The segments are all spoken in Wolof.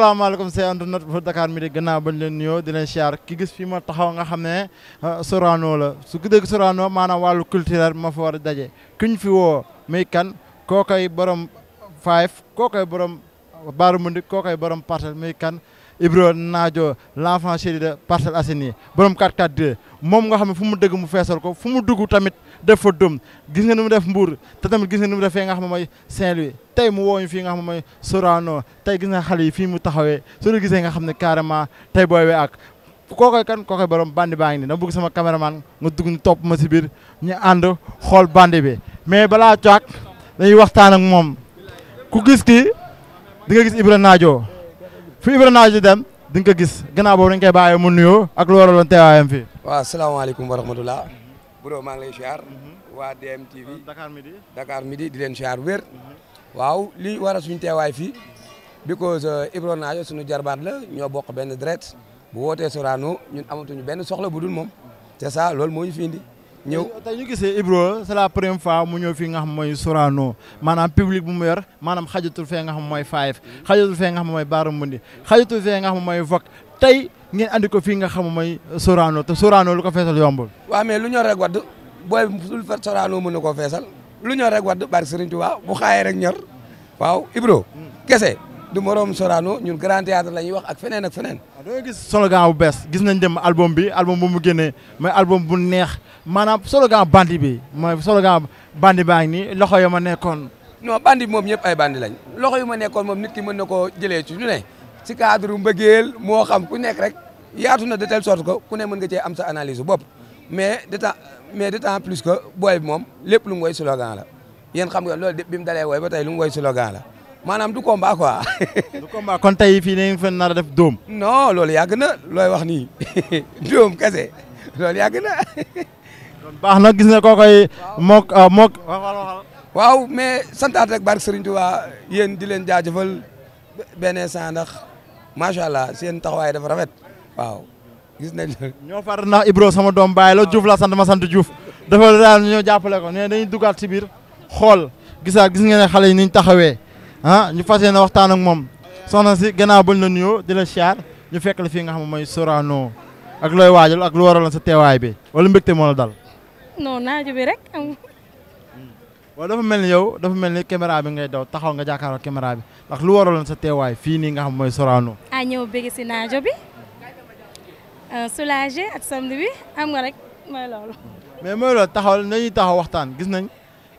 salaamaaleykum say antu not bu Dakar mi di gannaaw bañ leen nuyoo di leen siyaar ki gis fi ma taxaw nga xam ne ah, Sorano la su ku dégg Sorano maanaam wàllu culturel ma fa war a daje kuñ fi woo muy kan kookoy borom five kookoy borom baaru mundi kookoy borom parcelle muy kan Ibro Naajo l'enfant chéri de Parcelles Assainies borom 442 moom nga xam ne fu mu dëgg mu feesal ko fu mu dugg tamit def fa dum gis nga nu mu def mbuur te tamit gis nga nu mu def fee nga xam ma mooy Saint-Louis tey mu wooñu fii nga xam ne mooy Sorano tey gis nga xale yi fii mu taxawee soo gisee nga xam ne carrément tey booy we ak kookoy kan kookoy borom bandi baa ngi nii dama bëgg sama caméraman nga dugg ñu topp ma si biir ñu ànd xool bandi bi mais balaa caag dañuy waxtaan ak moom ku gis kii di nga gis Ibra Naajo fi Ibra Naajo dem di nga ko gis gannaaw boobu dañ koy bàyyi mu nuyoo ak lu waraloon teewaayam fii. waaw salaamaaleykum wa Bro maa ngi lay siyaar. Mhm. waa DMTV Dakar midi. Dakar midi di leen siyaar wér. Mhm. waaw li war a suñu teewaay fii. because uh, Ibro Naajo suñu jarbaat la ñoo bokk benn deret. bu wootee Sorano ñun amatuñu benn soxla bu dul moom. c'est ça loolu moo ñu fi indi. ñëw tey ñu gisee Ibro c'est la première fois mu ñëw fii nga xam mooy Sorano maanaam public mu yor maanaam xajatul fee nga xam mooy Five fee nga xam mooy Barramundi fee nga xam mooy tey ngeen andi ko fii nga xam mooy Sorano te Sorano lu ko feesal yombul. waaw mais lu ñor rek wadd booy lu fa mën na koo feesal lu ñor rek wadd barke Serigne waaw bu xaayee rek ñor waaw Ibro kese du morom Sorano ñun grand théâtre la ñuy wax ak feneen ak feneen. waaw ah, doo gis slogan bu bees gis nañ dem album bi album bu mu génne mooy album bu neex maanaam slogan bandi bi mooy slogan bandi baa ngi nii loxo yo ma nekkoon. non bandi moom ñëpp ay bandi lañ loxo yu ma nekkoon moom nit ki mën na koo jëlee ci ñu ne. ci cadre mbëggeel moo xam ku nekk rek yaatu na de telle sorte que ku ne mën nga cee am sa analyse bopp mais de temps mais de temps plus que booy bi moom lépp lu mu woy slogan la yéen xam nga loolu bi mu dalee woy ba tey lu mu woy slogan la maanaam du combat quoi. kon tey fii ne fa nar a def doom non loolu yàgg na looy wax nii dóom kese loolu yàgg na. kon baax na gis na koo koy. mook ah, mook waaw mais santaat rek barke Serigne Touba yéen di leen jaajëfal benn saa ndax. macha allah seen taxawaay dafa rafet waaw gis nañ ñoo far na Ibro sama doom baay loo Diouf la sant ma sant Diouf dafa daal ñoo jàppale ko ne dañuy dugaat si biir xool gisaat gis nga ne xale yi niñ taxawee ah ñu fas yéene waxtaan ak moom soxna si gannaaw bañ la nuyoo di la siyaar ñu fekk la fii nga xam mooy Sorano ak looy waajal ak lu waraloon sa teewaay bi wala mbégte moo la dal. waaw dafa mel ni yow dafa mel ni caméra bi ngay daw taxaw nga jàkkaarloo caméra bi ndax lu waraloon sa teewaay fii nii nga xam mooy Sorano. a ah, ñëw bëgg si naajo bi euh, soulagé ak samedi bi am nga rek mooy loolu. mais taxaw waxtaan gis nañ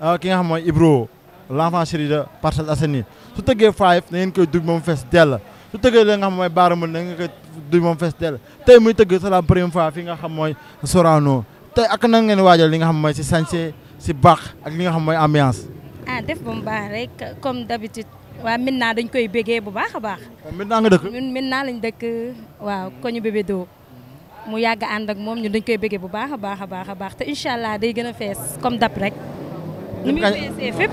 euh, ki nga xam mooy Ibro l'enfant chéri de Parcelles Assainies su tëggee five na ngeen koy dugg moom fees dell su tëggee la nga xam mooy Baramul na ngeen moom fees dell tey muy tëgg c'est la fi nga xam mooy Sorano tey ngeen waajal li nga xam mooy si sañse si baax ak li nga xam mooy ambiance. ah def ba mu baax rek comme d'habitude waa Médina dañ koy bégee bu baax a baax. Médina nga dëkk. ñun Médina lañ dëkk waaw koñu bébé doo mu yàgg ànd ak moom ñu dañ koy bégee bu baax a baax a baax a baax te incha allah day gën a fees comme dab rek. ni muy feesee fépp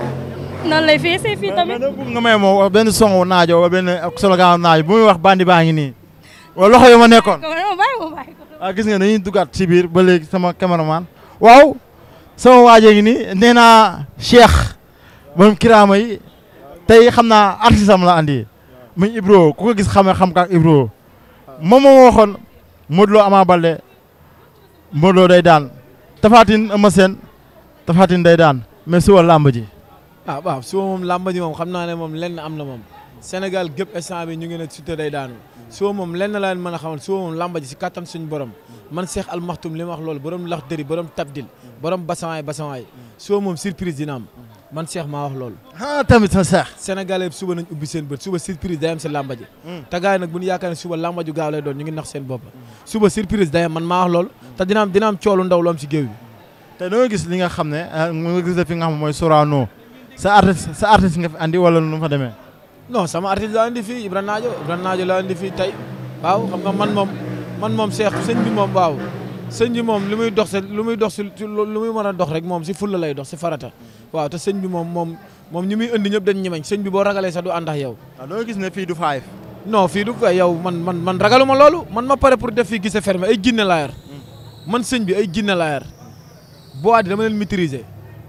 noonu lay feesee fii tamit. mais nga may moo benn songu naajo wala benn slogan naajo bu muy wax bandi baa ngi nii. waaw loxo yi ma nekkoon. waaw ah, gis nga dañuy dugaat ci biir ba léegi sama cameraman waaw. sama waajee ngi ni nee naa Cheikh moom kiraama yi tey xam naa artiste am la andi muy Ibro ku ko gis xame xam kaak Ibro moom moo waxoon Modou Lo Ama Baldé day daan Tapha am Eumeu Sène Tapha day daan mais suba làmb ji ah waaw suba moom làmb ji moom xam naa ne moom lenn am na moom senegal gépp instant bi ñu ngi ne Siteu day daanu soo moom lenn laa leen mën a xamal soo moom làmba ji si kattan suñu borom man Cheikh Al Maktoum li ma wax loolu borom lax dëri borom tabdil borom basawaay basawaay soo moom surprise dina am man Cheikh maa wax loolu. ah tamit sa Cheikh. Sénégalais suba nañ ubbi seen bët suba surprise day am si làmba ji. Hmm. te gars yi nag bu ñu yaakaar ne suba làmba gaaw lay doon ñu ngi nax seen bopp. suba surprise day man maa wax loolu. te dina am coolu ndaw lu si géew bi. gis li nga xam ne ah, nga gis nga xam mooy Sorano sa nga fi wala nu mu demee non sama artiste laa indi fii Ibra Naajo Ibra Naajo laa indi fii tey waaw xam nga man moom man moom seex sëñ bi moom waaw sëñ bi moom li muy dox si lu muy dox si lu muy mën a dox rek moom si fulla lay dox si farata waaw te sëñ bi moom moom moom ñi muy indi ñëpp dañ ñemeñ sëñ bi boo ragalee sax du ànd ak yow. waaw ah, gis ne fii du faay. non fii du yow man man man ragalu ma loolu man ma pare pour def fii gise ferme ay jinne laa mm. man sëñ bi ay jiine laa yar boo àddi dama leen maîtriser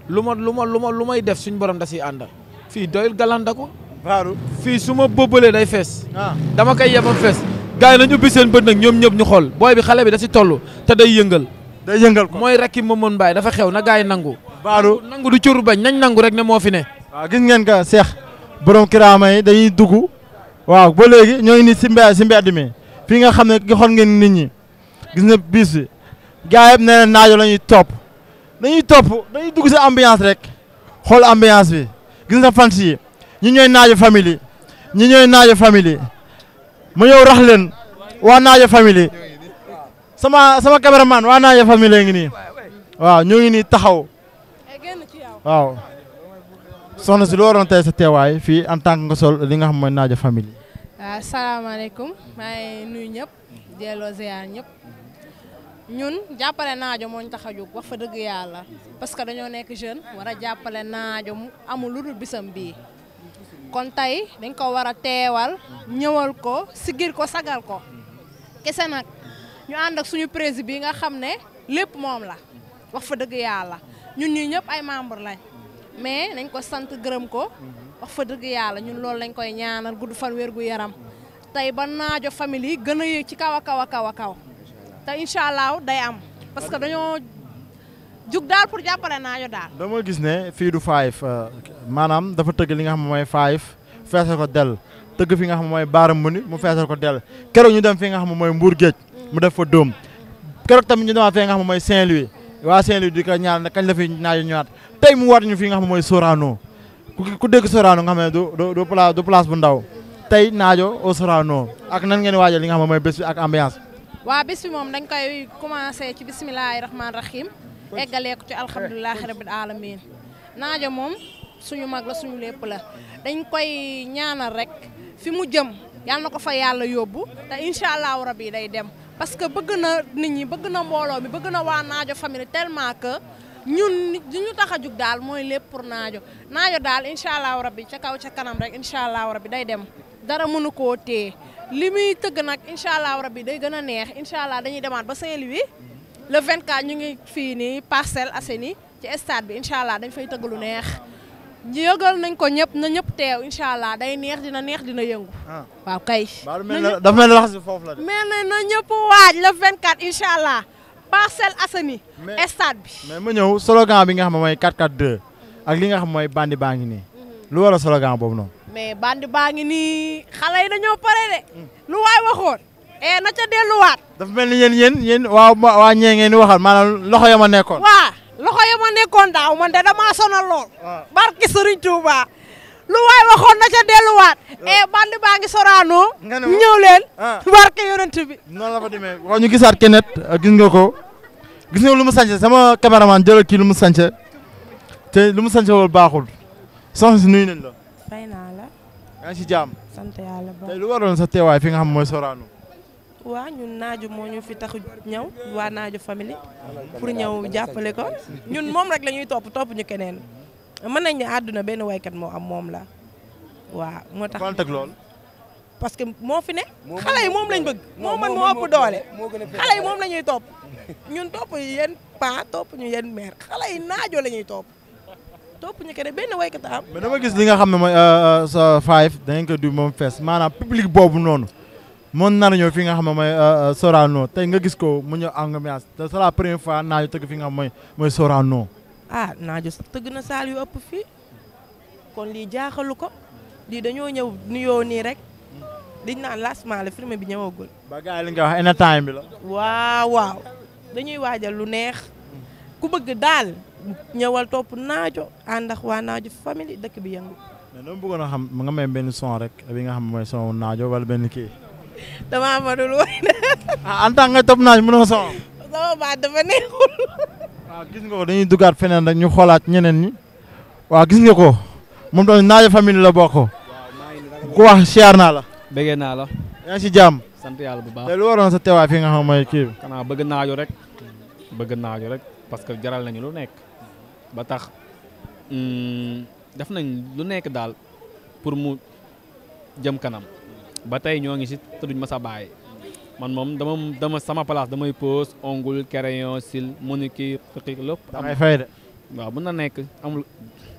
lu ma lu ma lu ma lu may def suñu borom da si àndal fii doyul galan ko waaw fii su ma bëbëlee day fees. Ah. dama koy yebam fees. gars yi nañu ubbi seen bët nag ñoom ñëpp ñu xool booy bi xale bi da si toll te day yëngal. day yëngal ko mooy rakki Mamadou Mbaye dafa xew na gars yi nangu. baaru nangu du curu bañ nañ nangu rek ne moo fi ne. gis ngeen ka seex borom kiraama yi dañuy dugg waaw ba léegi ñoo nii si mbé si mbedd mi fii nga xam ne xool ngeen nit ñi gis nga bis bi gars yëpp nee na naajo la topp dañuy topp dañuy dugg si ambiance rek xool ambiance bi gis nga fans ñi ñëw naajo famille ñi ñooy naajo famille mu ñëw rax waa naajo famille sama sama cameraman waa naajo famille ngi nii waaw ñoo ngi nii taxaw waaw soxna si lu waroon tey sa teewaay fii en tant que nga sol li nga xam mooy naajo famille waaw salaamaaleykum maa ngi ñëpp delloo ziar ñëpp ñun jàppale naajo moo ñu tax wax fa dëgg yàlla parce que dañoo nekk jeune war a jàppale naajo amul lu dul bisam bii kon tey dañ ko war a teewal ñëwal ko sigir ko sagal ko kese nag ñu ànd ak suñu président bi nga xam ne lépp moom la wax fa dëgg yàlla ñun ñii ñëpp ay membre lañ mais nañ ko sant gërëm ko wax fa dëgg yàlla ñun loolu lañ koy ñaanal gudd fan wér gu yaram tey ba naajo famille yi gën a yéeg ci kaw a kaw a kaw a kaw te incha day am parce dañoo jug daal pour jàppale naa ñu daal. dama gis ne fii du five euh, maanaam dafa tëgg li nga xam mooy five feesal ko del tëgg fi nga xam mooy baara mu ni mu feesal ko del keroog ñu dem fi nga xam mooy Mbour Géej mu def fa dóom keroog tamit ñu demaat fi nga xam mooy Saint-Louis waa Saint-Louis di ko ñaan ne kañ la fi naaj tey mu war ñu fi nga xam mooy Sorano ku dégg Sorano nga xam ne du du place bu ndaw tey naajo au Sorano ak nan ngeen waajal li nga xam mooy bés bi eggalee ko ci alhamdulilah rabbil alamin naajo moom suñu mag la suñu lépp la dañ koy ñaanal rek fi mu jëm yal na ko fa yàlla yóbbu te incha allahu rabi day dem parce que bëgg na nit ñi bëgg na mbooloo mi bëgg na waa naajo famille tellement que ñun li ñu tax a jug daal mooy lépp pour naajo naajo daal incha allahu rabi ca kaw ca kanam rek incha allahu rabi day dem dara mënu koo téye li muy tëgg nag incha allahu rabi day gën a neex incha allah dañuy demaat ba Saint-Louis le 24 ñu ngi fii nii Parcelles Assainies ci stade bi incha allah dañ fay tëgg lu neex yëgal nañ ko ñëpp na ñëpp teew incha allah day neex dina neex dina yëngu. Ah. waaw kay. dafa mel ni wax si foofu la de. mel na na ñëpp waaj le 24 incha allah Parcelles Assainies. bi mais ma ñëw slogan bi nga xam ne mooy 442. ak li nga xam mooy bandi baa ngi nii. Mhm. lu war a slogan boobu noonu. mais bandi baa ngi nii xale yi dañoo pare de. Mm. lu waay waxoon. eh na ca delluwaat. dafa mel ni yéen yéen yéen waa waa ñee ngeen di waxal maanaam loxo ya ma nekkoon. waa loxo ya ma nekkoon daaw man de damaa sonal lool. barki Serigne Touba. lu waxoon na ca delluwaat. e eh, bandi baa ngi soraanoo. ñëw leen. Ah. barke yonent bi. noonu ñu gisaat kenet gis nga ko gis nga lu mu sànce sama caméraman jëlal kii lu mu sànce te lu mu sànce woon baaxul soxna si nuyu nañ la. fay naa la. yaa si jàmm. sant yàlla ba tey lu waroon sa teewaay xam mooy soraanoo. waa ñun naaju moo ñu fi tax ñaw waa naaju famille pour ñaw jàppale ko ñun moom rek la ñuy topp topp ñu keneen mën nañ ne àdduna benn waykat moo am moom la waaw moo tax lool parce que moo fi ne xale yi moom lañ bëgg moo man moo ëpp doole xale yi moom la ñuy topp ñun topp yeen paa topp ñu yeen mère xale yi naajo la ñuy topp topp ñu keneen benn waykat am mais dama gis li nga xam ne mooy euh, euh, sa five da ngeen ko du moom fees maanaam public boobu noonu moom nar a fi nga xam ne mooy euh, euh, Sorano tey nga gis ko mu ñëw ambiance te c'est fi nga xam mooy mooy Sorano. ah Naajo tëgg na saal yu ëpp fii kon lii jaaxalu ko lii dañoo ñëw nuyoo nii rek liñ naan lancement la firme bi ñëwagul. ba gars bi la. waaw waaw dañuy waajal lu neex ku bëgg daal ñëwal topp Naajo ànd ak waa Naajo famille dëkk bi yëngu. mais dama bëggoon a xam nga may benn son rek bi nga xam mooy son Naajo wala benn kii. damaa amadul woon. ah en tant que top naaj mënoo sama. sama baat dafa neexul. waaw ah, gis nga ko dañuy dugaat feneen rek ñu xoolaat ñeneen ñi. waaw gis nga ko moom tamit naaja famille la bokk. ku wax siyaar naa la. bëggee naa la. si jàmm. sant yàlla bu baax te lu waroon nga xam mooy kii bi. xanaa bëgg naajo rek. bëgg naajo rek parce que jaral nañu lu nekk. ba tax mm, def nañ lu nekk daal pour mu jëm kanam. ba tey ñoo ngi si te duñ ma sa bàyyi man moom dama dama sama place damay pose ongul crayon sil manucure xiq lépp damay fay de waaw mën na nekk amul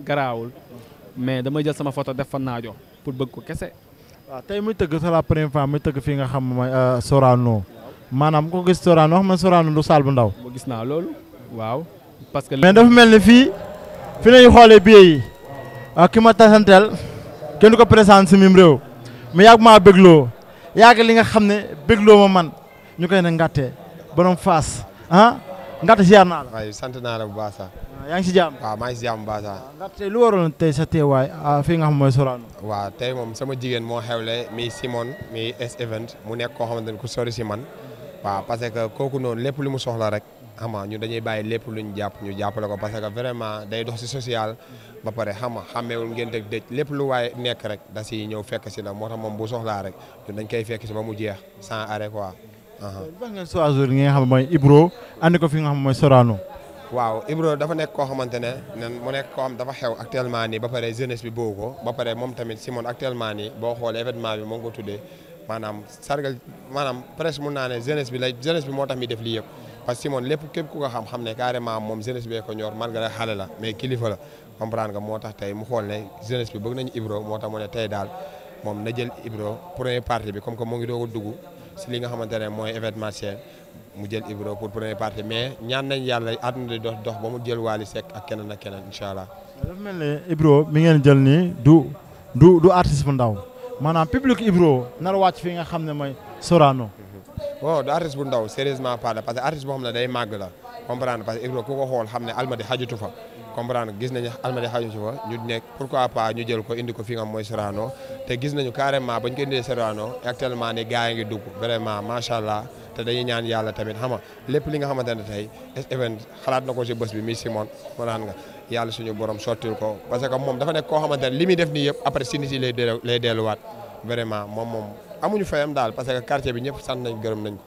garaawul mais damay jël sama foto def fa naajo pour bëgg ko kese waaw tey muy tëgg c'est la première fois tëgg fii nga xam mooy euh, Sorano maanaam ko gis Sorano du saal bu ndaw ba gis naa loolu waaw parce que dafa mel ni fii fi nañu xoolee billets yi ki ma tasanteel kenn ko présenté si mim réew mu yàgg maa bégloo yàgg li nga xam ne bégloo ma man ñu koy ne ngàtte borom faas ah ngàtte ziar naa la. waaye sant naa la bu baax ah, yaa ngi si jàmm. waaw maa ngi si jàmm bu baax ah, lu waroon tey sa teewaay ah, fi nga xam mooy Sorano. waaw tey moom sama jigéen moo xewle mi Simon mi S event mu nekk koo xamante ne ku sori si man mm-hmm. waaw parce que kooku noonu lépp lu mu soxla rek. xam nga ñu dañuy bàyyi lépp luñ jàpp ñu jàppale ko parce que vraiment day dox si social ba pare xam nga xàmmeewul ngeen teg dëj lépp lu waaye nekk rek da si ñëw fekk si la moo tax moom bu soxlaa rek ñun dañ koy fekk si ba mu jeex sans arrêt quoi. baax ngeen choisir nga xam mooy Ibro andi ko fi nga xam mooy Sorano. waaw Ibro dafa nekk koo xamante ne nen mu nekk koo xam dafa xew actuellement nii ba pare jeunesse bi boo ko ba pare moom tamit Simon actuellement nii boo xoolee événement bi moo ko tuddee maanaam sargal maanaam presque mun naa ne jeunesse bi la jeunesse bi moo tax def lii yëpp. parce que Simon lépp képp ku ko xam-xam ne carrément moom jeunesse bee ko ñor malgré xale la mais kilifa la comprendre nga moo tax tey mu xool ne jeunesse bi bëgg nañu Ibro moo tax mu ne tey daal moom na jël Ibro première partie bi comme que mu ngi doog a dugg si li nga xamante ne mooy événementiel mu jël Ibro pour première partie mais ñaan nañ yàlla àdduna di dox dox ba mu jël Wally Seck ak keneen ak keneen incha allah. dafa mel ne Ibro mi ngeen jël nii du du du artiste ndaw maanaam public Ibro nar nga xam ne mooy Sorano. bon du artiste bu ndaw sérieusement parle parce que artiste boo xam ne day màgg la comprendre parce que Ibro ku ko xool xam ne almadi xajutu fa comprendre gis nañu almadi xajutu fa ñu nekk pourquoi pas ñu jël ko indi ko fi nga mooy Sorano te gis nañu carrément bañ ko indee Sorano actuellement ni gars ngi dugg vraiment macha allah te dañuy ñaan yàlla tamit xam nga lépp li nga xamante ne tey event xalaat na ko si bés bi mi Simon mënaan nga yàlla borom sottil ko parce que amuñu fayam daal parce que quartier bi ñëpp sant nañ gërëm nañ ko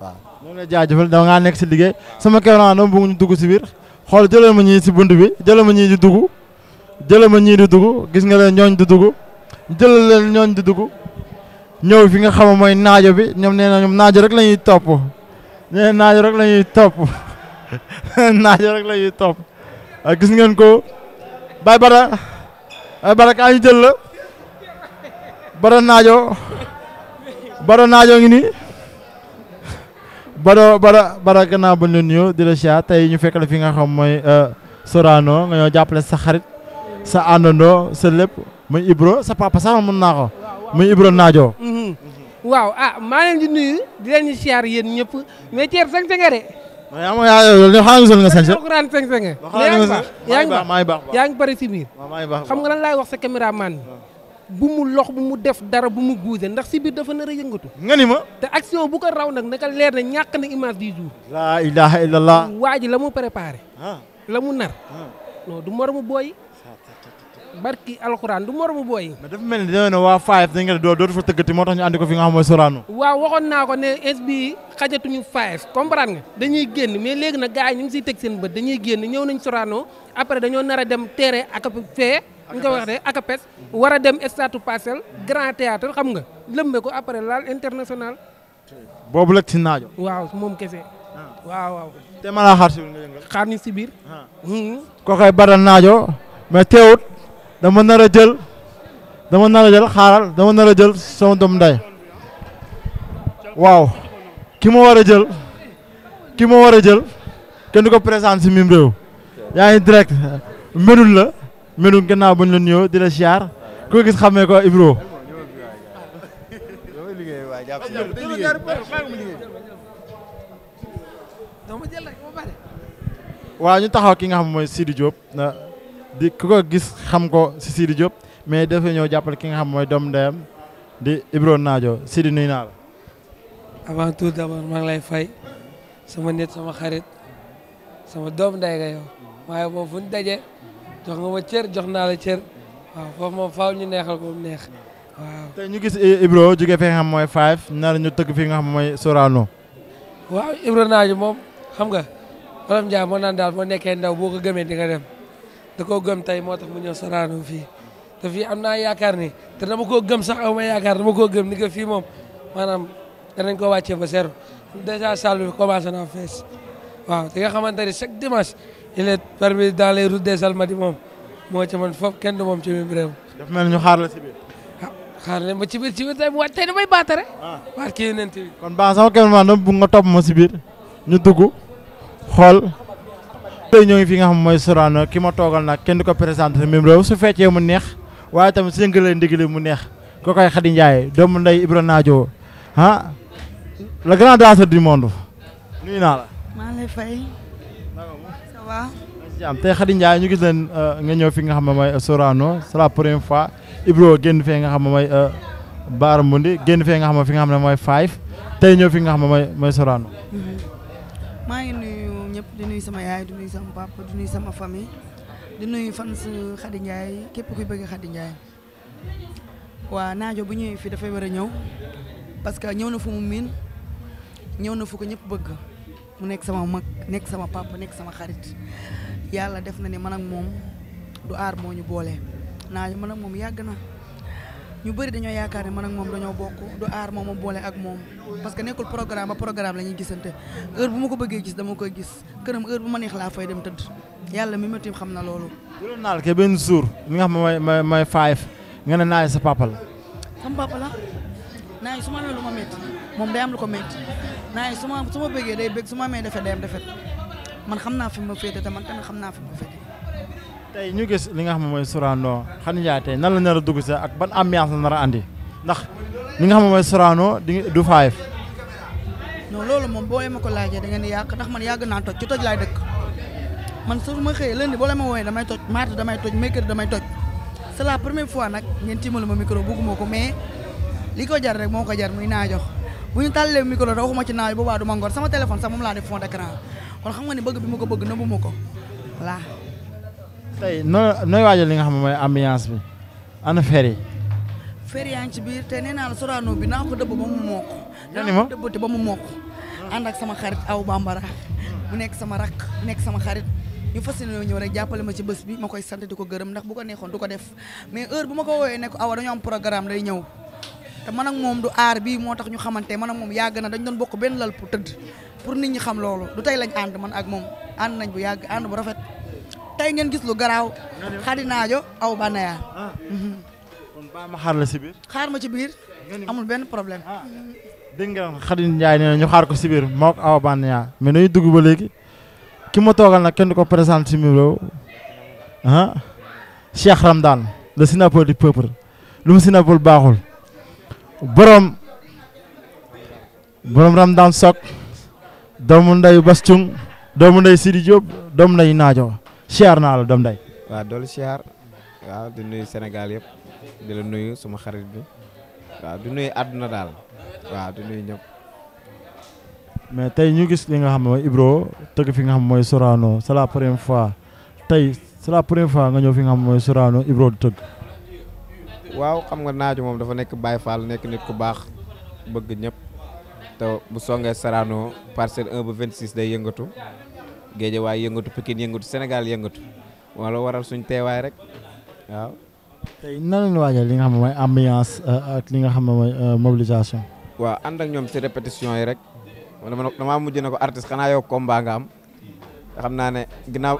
waaw. ñoo ngi lay nekk si liggéey sama kéemaan dama bëgg ñu dugg si biir xool jëlee ma ñii si bunt bi jëlee ma ñii di dugg jëlee ma ñii di dugg gis nga leen ñooñ di dugg jëlee leen ñooñ di dugg ñëw fi nga xam mooy naajo bi ñoom nee na ñoom naajo rek lañuy ñuy topp nee naajo rek la ñuy topp naajo rek la ñuy topp ah, gis ngeen ko Baye Bara Bara kaa ñu jël la Bara naajo. Bada naajoo ngi nii Bada Bada Bada gannaaw ba ñu nuyoo di la siyaar tey ñu fekk la fi nga xam mooy euh, Sorano nga ñoo jàppale sa xarit sa àndandoo sa lépp muy Ibro sa papa sax mën naa ko muy Ibro naajoo. Mhm. waaw ah maa di nuyu di leen siyaar yéen ñëpp mais ceeb sëñ sëñ de. mais yaa ma yaa nga sëñ yaa ngi baax yaa xam nga lan laay wax sa caméraman bu mu lox bu mu def dara bu mu guuse ndax si biir dafa nar a yëngatu. nga ni ma. te action bu ko raw nag naka leer na ñàkk na image du jour. laa ilaha illallah. waa ji la mu préparé. la mu nar. non du moromu booy. barki alxuraan du moromu booy. mais dafa mel ni da waa Five dañ nga doo dootu fa tëggati moo tax ñu andi ko fi nga xam mooy Sorano. waaw waxoon naa ko ne ins bi xajatuñu Five comprendre nga. dañuy génn mais léegi nag gars yi ñu ngi si teg seen bët dañuy génn ñëw nañ Sorano après dañoo nar a dem teere ak fee. ñu ko wax de akapes war a dem stade Parcelles grand théâtre xam nga lëmbe ko après laal international boobu la ci naajo waaw moom kese ah. te mën a xaar si biir nga yëngal xaar ñu si biir ah. hmm. ko koy baral naajo mais teewut dama nar a jël dama nar a jël xaaral dama nar a jël sama doom nday waaw ki ma war a jël ki ma war a jël kenn du ko présente si miim réew yaa ngi direct menul la melu gannaaw bañ la nuyoo di la siyaar koo gis xamee ko Ibro. waaw ñu taxaw ki nga xam mooy Sidi Diop di ko gis xam ko si Sidi Diop mais dafa ñëw jàppale ki nga xam mooy doom ndeyam di Ibro Naajo Sidi nuyu naa la. avant tout d'abord maa lay fay sama nit sama xarit sama doom ndey nga yow waaye boobu fu daje. jox nga ma cër jox naa la cër waaw foofu moom faaw ñu neexal ko mu neex waaw. tey ñu gis Ibro jógee fi nga xam mooy Five nar ñu tëgg fii nga xam mooy Sorano. waaw Ibro Naajo moom xam nga Wolof Njaay moo naan daal moo nekkee ndaw boo ko gëmee di nga dem da koo gëm tey moo tax mu ñëw Sorano fii te fii am naa yaakaar ni te ma koo gëm sax aw ma yaakaar dama koo gëm ni que fii moom maanaam danañ ko wàccee ba zéro déjà salle bi commencé naa fees waaw te nga xamante ni chaque dimanche. il est parmi dans les routes des moom moo ci man foofu kenn du moom ci biir réew. daf mel ñu xaar la ci biir. Ah, xaar leen ma ci biir ci biir tey waat tey damay baatare. Ah. waat kii nañ ci biir. kon baax sama kenn maanaam bu nga topp ma ci biir ñu dugg xool. ñoo ngi fi nga xam mooy Sorano ki ma toogal nag kenn du ko présenté même réew su feccee mu neex waaye tamit su yëngalee ndigali mu neex ko koy Khady Ndiaye doomu ndey Ibra Naajo ah le grand danseur du monde nuyu naa la. maa waaw. jàmm tey Khady Ndiaye ñu gis leen euh, nga ñëw fi nga xam ne mooy euh, Sorano c'est la première fois Ibro nga xam ne mooy euh, Baara Mbundi génn nga xam ne fi nga xam ne mooy Five tey ñëw fi nga xam ne mooy mooy Sorano. Mhm. maa ngi nuyu ñëpp di nuy sama yaay di nuyu sama papa di nuyu sama famille di nuyu fans Khady Ndiaye képp kuy bëgg Khady Ndiaye waa naajo bu ñëwee fii dafay war ñëw parce que ñëw na fu mu miin ñëw na fu ko ñëpp bëgg. mu nekk sama mag nekk sama papa nekk sama xarit yàlla def na ne man ak moom du aar moo ñu boole naa man ak moom yàgg na ñu bëri dañoo yaakaar ne man ak moom dañoo bokk du aar moom a boole ak moom parce que nekkul programme ba programme la ñuy gisante heure bu ma ko bëggee gis dama koy gis këram heure ma neex laa fay dem tëdd yàlla mi ma tiim xam na loolu. naal ke benn jour mi nga xam ne mooy mooy five nga ne naay sa papa la. day am lu ko métti naa su ma su ma bëggee day bëgg su ma amee defet day am defet man xam naa fi mu féete te man tamit xam naa fi mu féete. tey ñu gis li nga xam ne mooy Sorano Khady Ndiaye tey nan la nar a dugg sa ak ban am la nar àndi ndax li nga xam ne mooy soraanoo di du faayef. non loolu moom boo ma ko laajee da ngeen di yàq ndax man yàgg naa toj ci toj laay dëkk man su ma xëyee lundi boo la ma woowee damay toj mardi damay toj mercredi damay toj c'est la première fois nag ngeen tiimalu ma micro bugguma ko mais li ko jar rek moo ko jar muy naa jox. bu ñu tàllee micro da waxuma ci naaj boobaa du ma ngor sama téléphone sax moom laa def fond d'écran kon xam nga ne bëgg bi ma ko bëgg nëbbu ma ko voilà. tey noo nooy waajal li nga xam ne mooy ambiance bi ana fer yi. fer ci biir te nee naa la bi naa ko dëbb ba mu mokk. nee naa ko dëbbate ba mu mokk. ànd ak sama xarit aw bambara. mu nekk sama rak bu nekk sama xarit. ñu fas yéene ñëw rek jàppale ma ci bës bi ma koy sant di ko gërëm ndax bu ko neexoon du ko def mais heure bu ma ko woowee ne ko awa dañoo am programme day ñëw. te man ak moom du aar bii moo tax ñu xamante man ak moom yàgg na dañ doon bokk benn lal pour tëdd pour nit ñi xam loolu du tey lañ ànd man ak moom ànd nañ bu yàgg ànd bu rafet tey ngeen gis lu garaaw xadinaajo aw banaya kon baa la si biir xaar ma ci biir amul benn problème ah. dégg nga Xadin Njaay nee ñu xaar ko si biir moo aw banaya mais nañu dugg ba léegi ki ma toogal na kenn du ko présenté si miro ah Cheikh Ramdan le synapole du peuple lu mu synapole baaxul borom borom Ramdan Sok doomu ndey Bas Cung doomu nday Sidi Diop doomu nday Naajo siyaar naa la doomu nday waaw doolu siyaar waaw di nuyu Sénégal yëpp di la nuyu suma xarit bi waaw di nuyu àdduna daal waaw di nuyu ñëpp. mais tey ñu gis li nga xam ne mooy Ibro tëgg fi nga xam mooy Sorano c'est la première fois tey c'est la fois nga ñëw fi nga xam mooy Sorano Ibro di tëgg. waaw xam nga naaj moom dafa nekk Baye Fall nekk nit ku baax bëgg ñëpp te bu songee Sorano parcelle 1 ba 26 day yëngatu Guédiawaye yëngatu Pikine yëngatu Sénégal yëngatu wala waral suñ teewaay rek waaw. tey nan la li nga xam ne mooy ambiance euh, ak li nga xam ne mooy euh, mobilisation. waaw ànd ak ñoom ci répétition yi rek man damaa mujj na ko artiste xanaa yow combat nga am xam naa ne ginnaaw.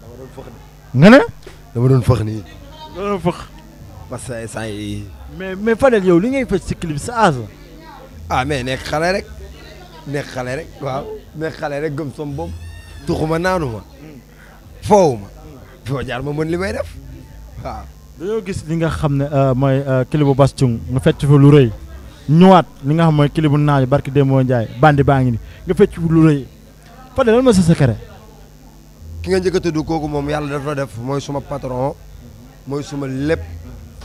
dama doon fëx dama doon fëx nii. dana parce que saa yi. mais mais Fadel yow li ngay fecc ci clip sa âge ah mais nekk xale rek nekk xale rek waaw nekk xale rek gëm som boobu tuxuma naanu ma foowu ma foo jaar ma mën li may def waaw. dañoo gis li nga xam ne euh, mooy euh, clipu Bass Thioung nga fecc fa lu rëy ñëwaat li nga xam mooy clipu naajo barki Demba Ndiaye bandi baa ngi ni nga fecc fa lu rëy Fadel lan moom yàlla dafa mooy suma patron. mooy suma lépp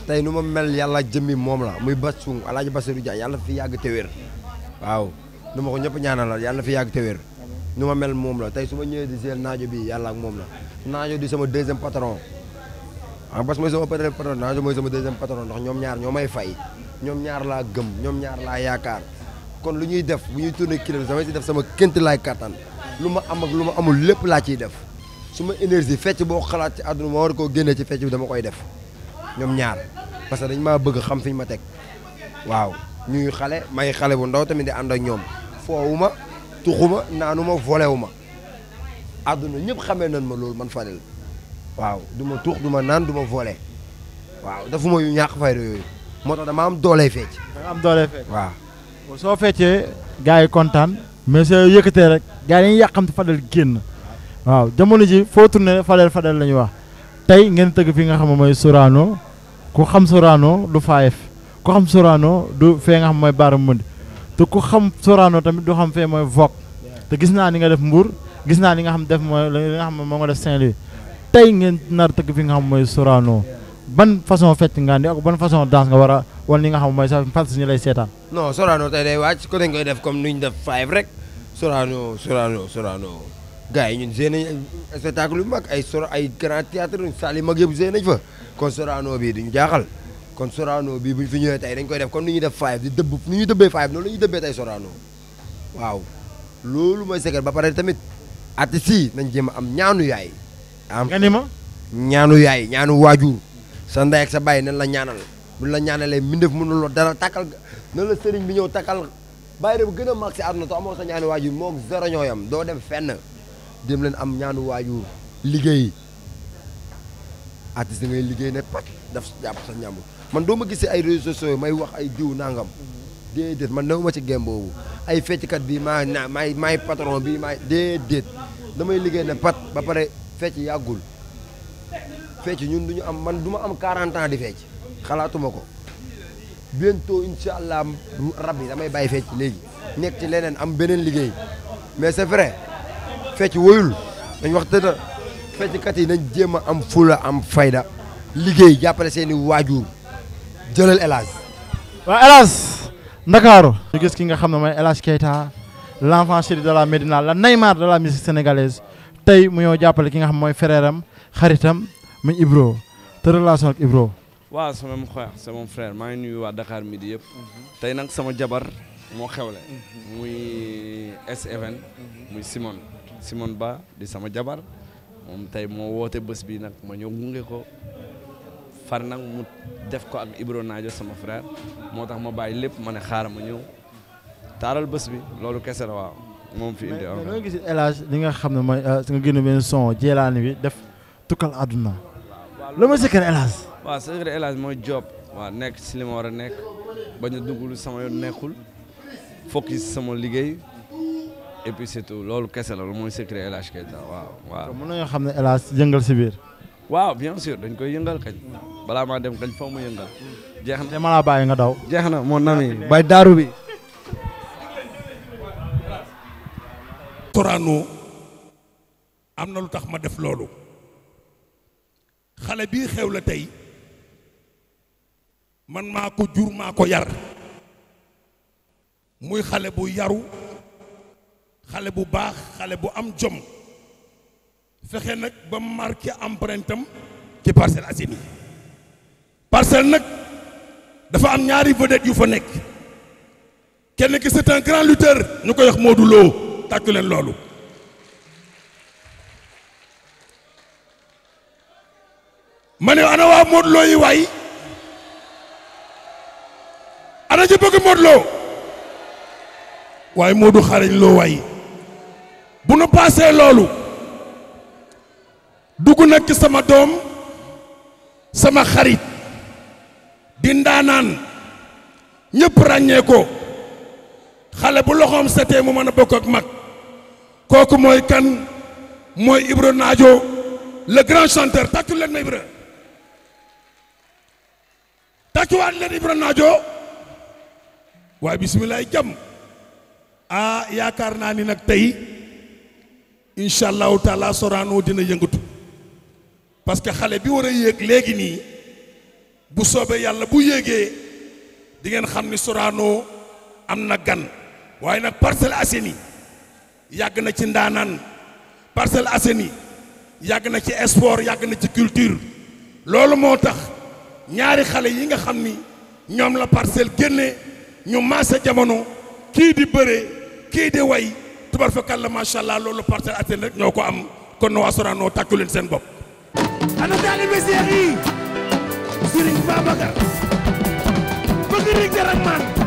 tey nu ma mel yàlla jëmmi moom la muy Bassirou Alaaji Bassirou Dia yàlla fi yàgg te wér waaw nu ma ko ñëpp ñaanal yàlla fi yàgg te wér nu ma mel moom la tey suma ñëwee di seel naajo bi yàlla ak moom la naajo di sama deuxième patron ah Bass mooy sama premier patron naajo mooy sama deuxième patron ndax ñoom ñaar ñoo may fay ñoom ñaar laa gëm ñoom ñaar laa yaakaar kon lu ñuy def bu ñuy tourné kilomètre damay si def sama ként laay kattan lu ma am ak lu ma amul lépp laa ciy def su ma énergie fecc boo xalaat ci àdduna ma war koo génne ci fecc bi dama koy def ñoom ñaar parce que dañ maa bëgg xam fi ñu ma teg waaw ñuy xale may xale bu ndaw tamit di ànd ak ñoom foowu ma tuxuma naanuma volewu ma àdduna ñëpp xamee nan ma loolu man Fadel waaw du ma tux du ma naan du ma vole waaw dafuma yu ñàkk fayda yooyu moo tax dama am doolee fecc dama am doolee fecc waaw soo feccee gars yi kontaan mais soo yëkkatee rek gars yi dañuy yàqamte Fadel génn waaw jamono ji foo tourné Fadel Fadel la ñuy wax tey ngeen tëgg fi nga xam ne mooy Sorano ku xam Sorano du faayef ku xam Sorano du fee nga xam mooy Baara Mundi te ku xam Sorano tamit du xam mooy Vogue te gis naa ni nga def Mbour gis naa li nga xam def mooy li nga xam moo nga def Saint-Louis tey ngeen nar tëgg fi nga xam mooy Sorano ban façon fecc nga andi ban façon danse nga war a wan li nga xam mooy sax fans ñu lay seetaan. non Sorano tey day wàcc ko dañ koy def comme ni ñu def faayef rek Sorano Sorano Sorano. gars yi ñun génne spectacle yu mag ay sor ay grand théâtre salle yu mag yëpp génne nañ fa kon Sorano bii duñu jaaxal kon Sorano bii buñ fi ñëwee tey dañ koy def comme ni ñuy def five di dëbb ni ñuy dëbbee five noonu la ñuy dëbbee tey waaw loolu mooy secret ba pare tamit artistes si nañ jéem am ñaanu yaay. am nga ni ma. ñaanu yaay ñaanu waajur sa ndey ak sa baay nan la ñaanal buñ la ñaanalee mbindeef mënuloo dara takkal nan la sëriñ bi ñëw takkal bàyyi de bu gën a mag si àdduna te amoo sa ñaanu waajur moog zéro doo dem fenn. dem leen am ñaanu waajur liggéey artiste da liggéey ne pat daf jàpp sa ñàmb man doo ma gisee ay réseaux sociaux may wax ay diw nangam déedéet man newuma ci gem boobu ay fecckat bi maa na maay maay patron bi maay déedéet damay liggéey ne pat ba pare fecc yàggul fecc ñun duñu am man duma am 40 ans di fecc xalaatuma ko bientôt incha allah rab yi damay bàyyi fecc léegi nekk ci leneen am beneen liggéey mais c'est vrai fecc woyul dañ wax dëgg fecckat yi nañ jéem a am fula am fayda liggéey jàppale seeni i waajur jëlal El Hadj. waaw Ndakaaru ñu ki nga xam ne mooy El Hadj l'enfant chéri de la Médina la Neymar de la musique sénégalaise tey mu ñëw jàppale ki nga xam mooy frère am xaritam muy Ibro te relation ak sama maa ngi nuyu Dakar midi yëpp. tey nag sama jabar moo xewle. Mhm. muy S Even mhm. muy Simone. Simon Ba di sama jabar moom tey moo woote bës bi nag moo ñëw gunge ko far nag mu def ko ak Ibro sama frère moo tax ma bàyyi lépp ma ne xaaral ma ñëw taaral bés bi loolu kese la waaw moom fi indi am mais gis El li nga xam ne mooy euh, nga génn benn son jéelaani bi def tukkal àdduna la ma secret El mooy job waaw nekk si li ma war a nekk bañ a dugg lu sama nekkul focus sama liggéey et puis surtout loolu kese la loolu mooy secret El Hadj Keita waaw waaw. mën nañoo xam ne El Hadj yëngal biir. waaw bien sûr dañ koy yëngal kañ. balaa maa dem kañ foo mu yëngal. jeex na te ma laa bàyyi nga daw. jeex na mon ami bay daaru bi. Sorano am na lu tax ma def loolu xale bi xew la tey man maa ko jur maa ko yar muy xale bu yaru. xale bu baax xale bu am jom fexe nag ba marqué empreinte am ci Parcelles Assainies Parcelles nag dafa am ñaari vedette yu fa nekk kenn ki c'est un grand lutteur ñu koy wax Modou Lo tàccu leen loolu ma ne ana waa Modou Lo yi waay ana ci bëgg Modou Lo waaye Modou xarañ Lo waay bu nu paasee loolu dugg nag ci sama doom sama xarit di ndaanaan ñëpp ràññee ko xale bu loxoom setee mu mën a bokk ak mag kooku mooy kan mooy Ibra Naajo le grand chanteur tàccu leen ma Ibra tàccuwaat leen Ibra Naajo waaye bisimilah jàmm ah yaakaar naa ni nag tey incha allahu taala Sorano dina yëngatu parce que xale bi war a yéeg léegi nii bu soobee yàlla bu yéegee dingeen ngeen xam ni Sorano am na gan waaye nag Parcelles Assainies yàgg na ci ndaanaan Parcelles Assainies yàgg na ci sport yàgg na ci culture loolu moo tax ñaari xale yi nga xam ni ñoom la parcelle génne ñu maase jamono kii di bëre kii di way tubar fa kàlla macha allah loolu Parcelles Assainies rek ñoo ko am kon waa Sorano tàccu leen seen bopp. ana taalibe Seex yi Serigne Babacar bëgg rek dara man.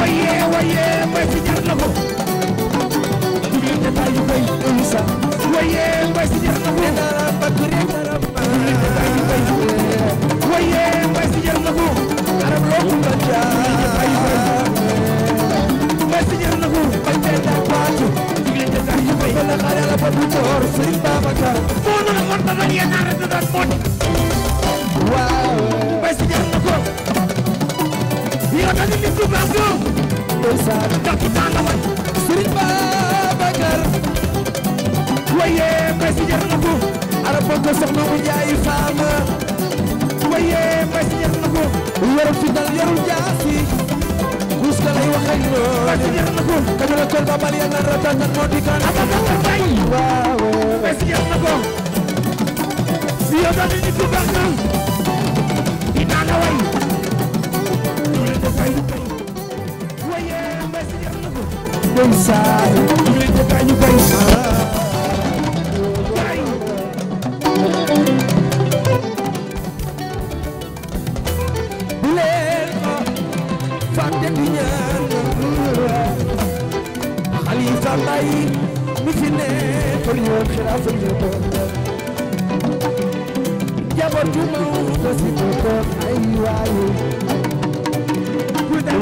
waye waye mbay si jar na ko julli te tay ju bay elisa waye mbay si jar na ko julli arab lo ko la ja mbay si jar na ko mbay te ta paatu julli te tay ju bay la xala la patu tor sëriñ Babacar mo na ngon la ya yàggali li subvention. ndeysaan takkutaan la waay. Serigne Babacar. waaye may si jar na ko. ala bëgg soxna mu jaay faama. waaye may si jar na ko. yorul fi toll ba bali yàlla ratatan moo di kan. abatata bay. waaw. may si jar na ko. yàggali li subvention. dinaa la waay. koy saal ñu koy saal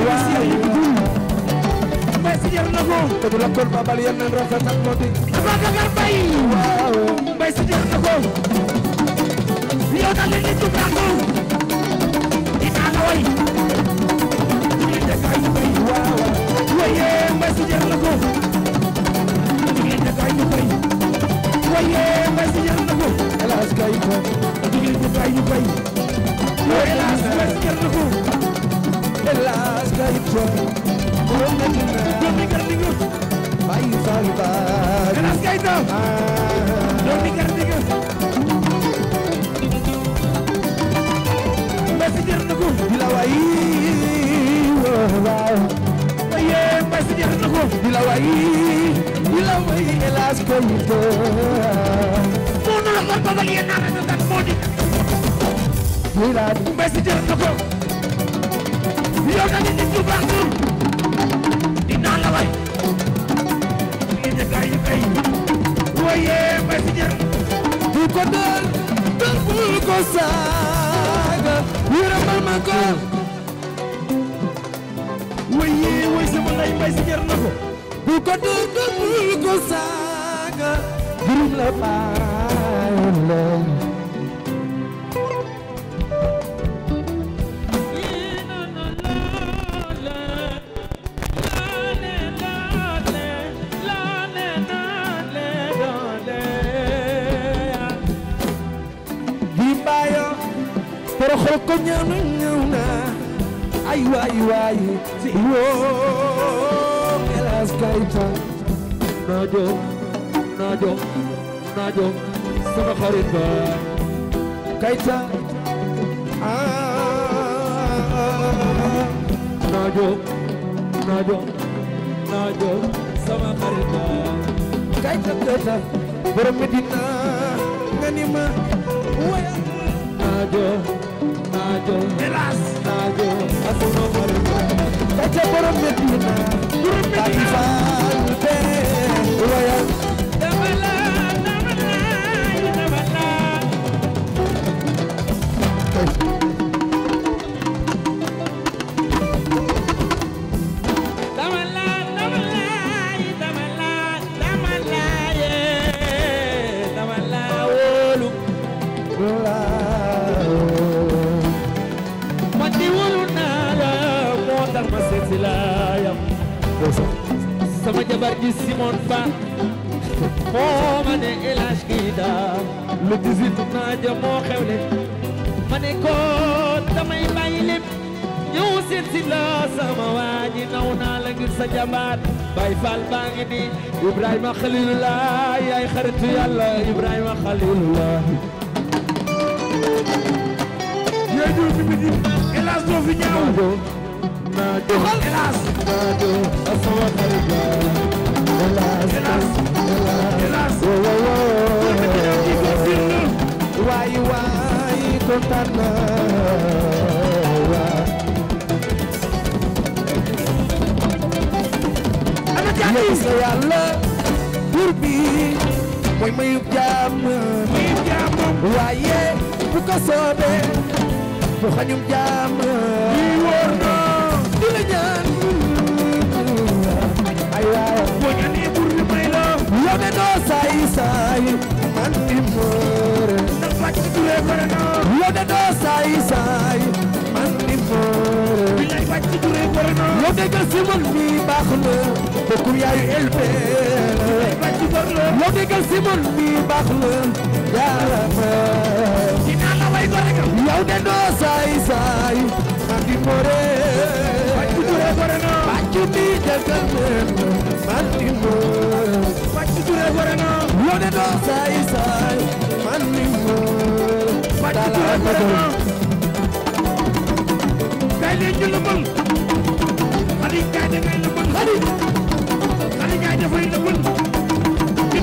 Why? yal na ko te bu la kon babal yal nañ rafet ak moo di Ababacar Mbaye waaw Mbaye si ko yow daal li nit Elas kai tropi Ko medina Do mi gar diga Bayi falu ba Elas kai do Do mi gar diga Mbesi jar na ko Bila wayi Aye mbesi jar na ko Bila wayi Bila wayi elas kai do Mono la kalpa bagi enana Ndan modi Bila mbesi jar na ko yow da nga gis lu baax ñun dinaa la way li nga gars yi fay waaye may si ko dal dal bul ko saaga yërëmal ma ko waaye way sama lay may na ko bu ko dal dal bul ko saaga jurum la bàyyi lay ko ñaan ñëw na ay waay waay si woo elas kayta naa jóg naa sama xarit ba kayta aa naa jóg naa jóg nga ni ma waya naa naajo hélas naajo ak borom borom métti na borom métti na xalilullah yaay xaritu yàlla Ibrahima xalilullah yéen ñëw fi mu di hélas doo fi ñaaw duxal hélas sama xarit la hélas hélas hélas waay waay kontaan naa Yes, I love bi mooy mayub jàmm mayub jàmm waaye bu ko soobee bu xañum jàmm yi wóor na di la ñaan ay waay boo ñaanee bur ni may la yone noo saay saay man di mër ndax fàcc duree pare na yone noo saay saay man di mër bi lay fàcc duree pare na yow déggal si man bi baax na bokkum yaayu elbee yow déggal Simon mi baax la yàlla fay. dinaa la way gore nga. yow de doo saay saay. ak di moore. bàcc turee gore na. bàcc bi dëkkal meen. man di moore. bàcc turee gore na. yow de doo saay saay. man di moore. bàcc turee gore na. kay leen ñu lëmbal. xali kay dangay lëmbal. xali. xali kay dafay lëmbal.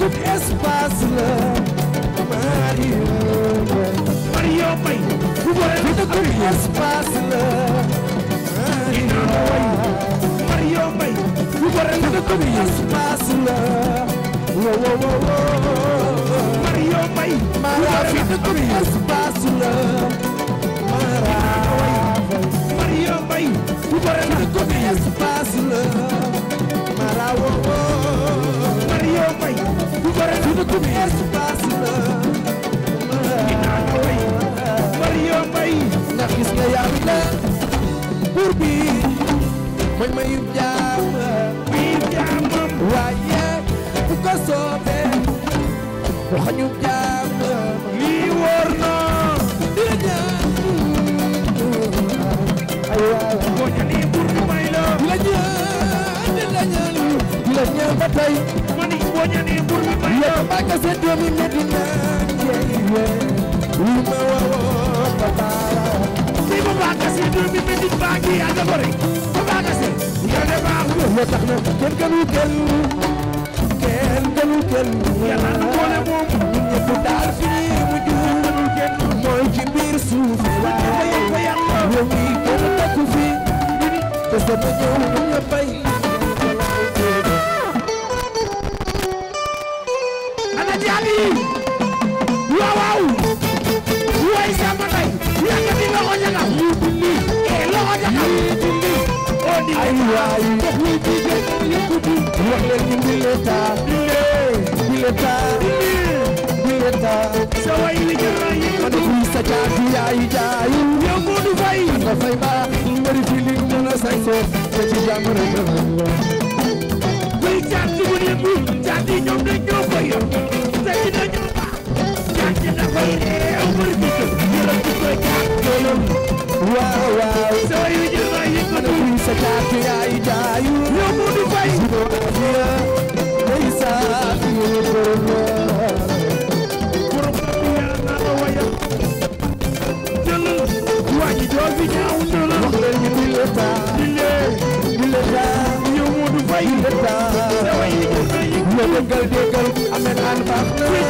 tout espace la Mario Mbaye Mario Mbaye bu boole tout espace la Mario Mbaye bu boole tout espace la wo wo wo wo Mario Mbaye Mario tout espace la Mario Mbaye bu boole tout espace la Mario yow bay bu bare la bu tubi espace la dinaa ko bay bari yow bay ndax gis nga yaa la buur bi mooy mayu jaam bi jaamam waaye bu ko soobee bu xañu jaam lii wóor na dina jaam ay waaw boo ñani buur bi may la la ñëw ba tey mani boo ñaanee buur bi may la ba ka seen doomi Medina yeye lu ma woo papa si bu ba ka seen doomi Medina baa ngi ànd ko rek bu ba ka seen yone baax moo tax na kenn gënu kenn kenn gënu kenn yàlla na boole moom ñun ñëpp daal fii mu jur gënu kenn mooy ci biir suuf waaye yow mi gën a takku fii te sama ñëw du nga bay ay waay dox wi jigéen ñi guddi wax leen ñu di l'état di l'état di l'état sa way li jëray man kuy sa jaatu yaay jaay yow Modou Faye nga fay ba mbëri fi li mën a say so te ci jàmm rek la kuy jaat bu yëngu jaat yi ñoom dañ ñoo ko yor te ci dañu baax jaat yi dafay réew mbëri fi ñu la ci koy jaat waaw waaw saa yu jël maa yëkkatu sa carte yaay jaayu yow mu du fay dégal dégal ameen an baax na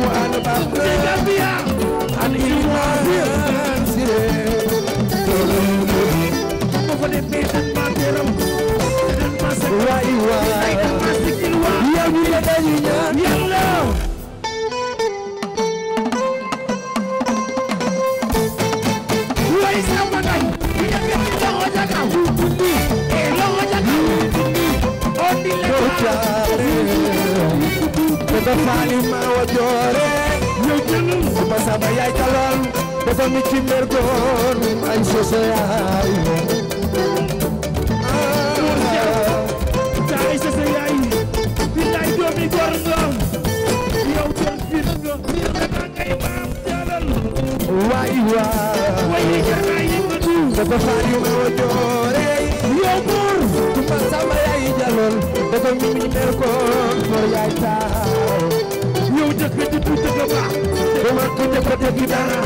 Demba Faali maa wa joore ñu jënd su ma sama yaay taloon dafa mi ci mer góor mi may sose yaay taay sose yaay bi lay doomi góor ngoom yow jël fir nga fir nga jalal waay waay waay yi ganaay yi ma du man sama yaay jaloon dafa mimi mel ko for yaay taaw yow jëkk di bu jëkk ba dama ko jëkk dëgg dara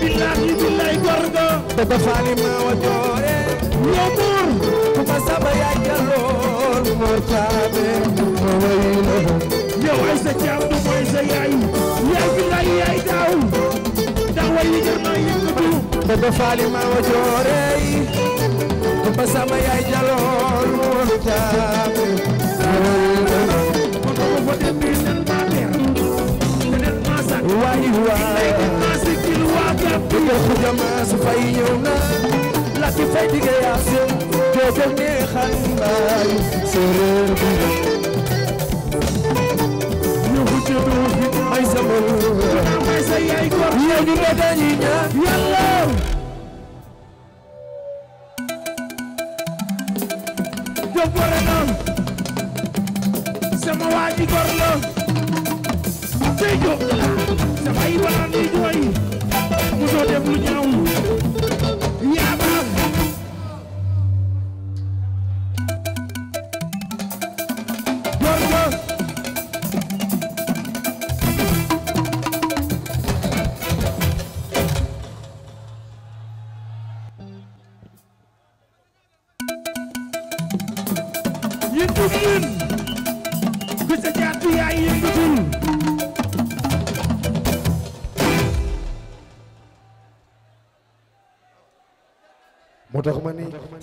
billahi billahi gor nga dafa faali ma wa joore yow buur ku ma sama yaay jaloon moo caabe ma way la yow ay sa caam du mooy sa yaay yaay billahi yaay daaw daaw way yi gër maa yëkkatu dafa faali ma wa joore ba sama yaay jaloor moolu jaabe moto ko fo dem bi nen ma leer nen ma sak waay waay ma sikil waa gàpp jamaa su fay ñëw na la ki fay dige yaa seen joojo neexan mbaay séeréer bi ñu ko ci du ay sama ay sa yaay ko yéen ñu dañuy ñaan yàlla aji gor la tey jóg dafay waral di jooy mu soo def lu ñaaw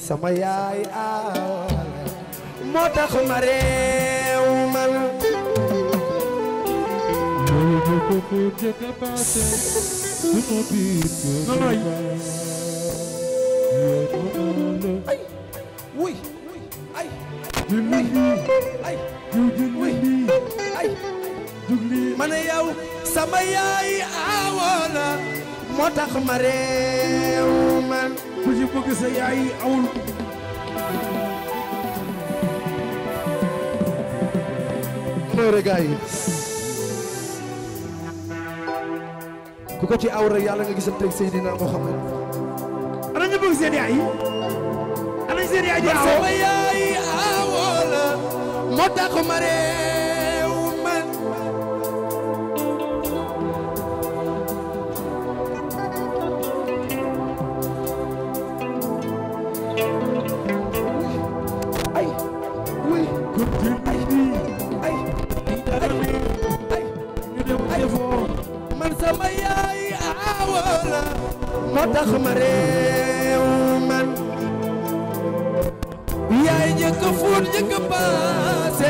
sama yaay aawal moo tax ma réew man ay wuy ay ay wuy ay man yow sama yaay aawal moo tax ma réew man ku ci bëgg sa yaay awul mooy regaay ku ko ci aw rek yàlla nga gisante ak Seydina Muhammad ana ñu bëgg seen yaay ana seen yaay ji aw sama moo tax ma réew sama yaay awala moo tax ma réew man yaay njëkk fuut njëkk paase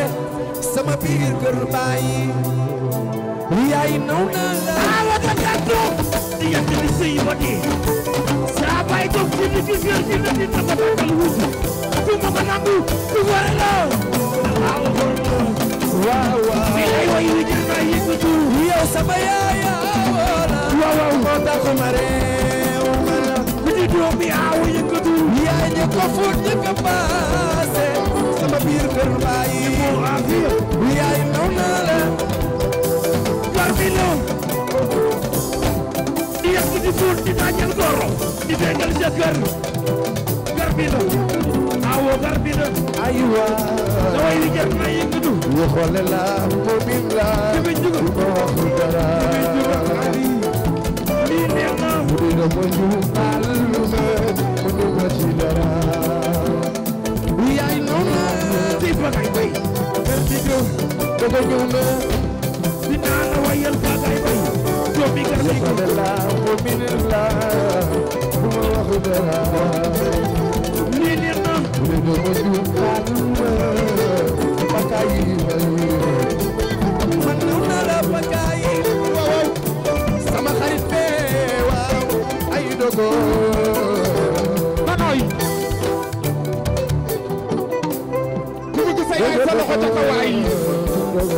sama biir kër bàyyi yaay naw na la awata tantu diggante bi sëy ba dee saa bàyyi toog ci di gis yar dina di na ma tàkkal wuutu ma ko nangu du war la waaw waaw mi lay wayu jël naa yëkkatu yow sama yaay waaw waaw moo tax ma réew ma la bu ñu doom yi aaw yëngatu yaa ñëkk a fóot ñëkk a paase sama biir kër bàyyi moo aafiya yaay naw naa la war di yàq di fóot di goro di déngal jëkkër gar bi la awo gar bi la aywa daway li jar na yëngatu ñu xoole la mbobin la ba ñëw na dinaa la wayal Bagaye Mbaye doomi Garmi Goundou la momin la bu ma waxu dara lii neex na mu ne dama juum xaaluma Bagaye Mbaye man naw naa la Bagaye waaw sama xarit bee waaw ay dogo Ay, ay, ay, ay, ay, ay, Ibro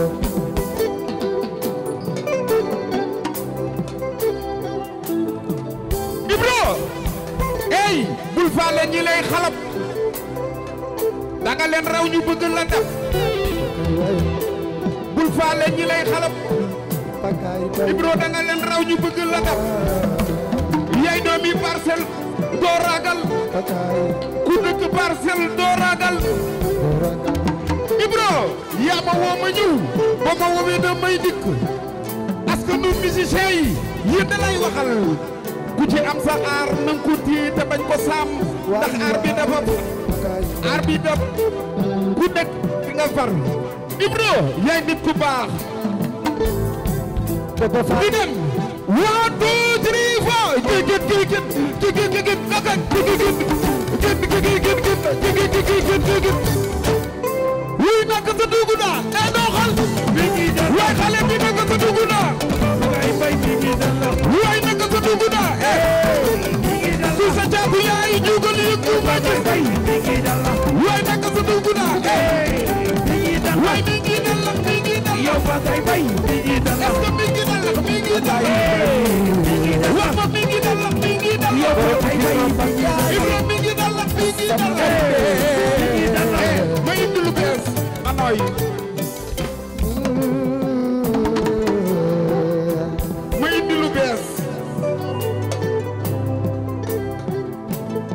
ey bul faale ñi lay xalab raw ñu bëgg la def bul faale ñi lay xalab Ibro danga raw ñu bëgg la def yaay doomi parcelle doo ragal ku dëkk parcelle doo ragal yaa ma woo ma ñëw ba ma woowee da may dikk parce que nu musicien yi lay waxal ku ci am sa aar na nga te bañ ko saam ndax aar bi dafa aar bi daf ku nekk nga far Ibro yaay nit ku baax di dem one two three four jigéen jigéen jigéen jigéen jigéen dagg sa dugg i e sa dugg naa waay dagg sa dugg sa caabu yaay juugal yi ku bàcce sa dugg waay ma indi lu bees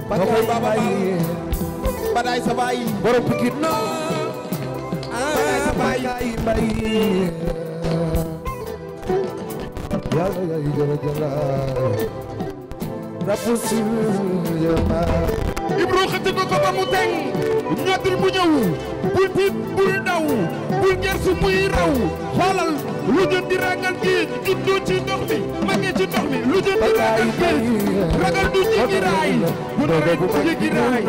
bataay baba sa baay borom pikit no bataay sa baay baay ya ya jara jara rapusi ya ñott nga ko ba mu teg ñottil mu ñëw bul tiit bul daw bul gersu muy raw xoolal lu jot di géej juddu ci ndox mi màggee ci ndox mi lu jot di géej ragal du jéggi raay bu nawet du jéggi raay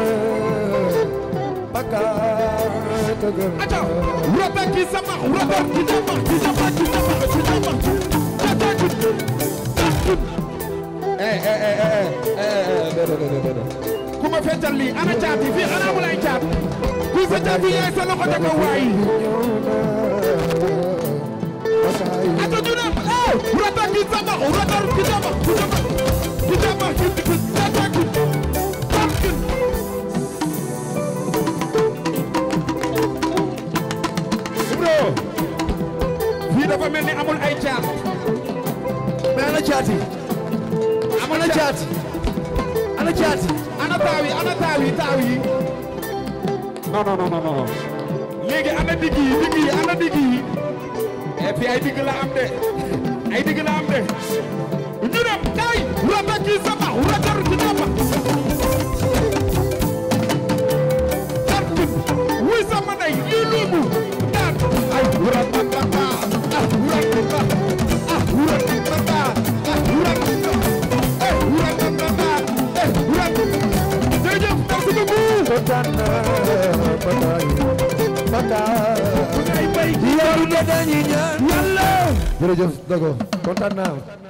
aca rota ki samax rota ki samax ki samax ki samax ki samax rota ma feccal lii ana caati fii xanaa mu lay caat kuy sa caati yaay sa loxo da ko waay ata ñu ne eh rata ki tabax rata ki tabax ki tabax ki tabax ki tabax ki bro fii dafa mel ni amul ay caat mais ana caati amul caati ana caati taaw léegi ana digg yi ana digg yi eh, ay digg am de ay digg am de ñu dem kay wurata ci sama wurata ci sama tartib wuy sama ay wurata dañuy ñaan yàlla jërëjëf Dago kontaan naa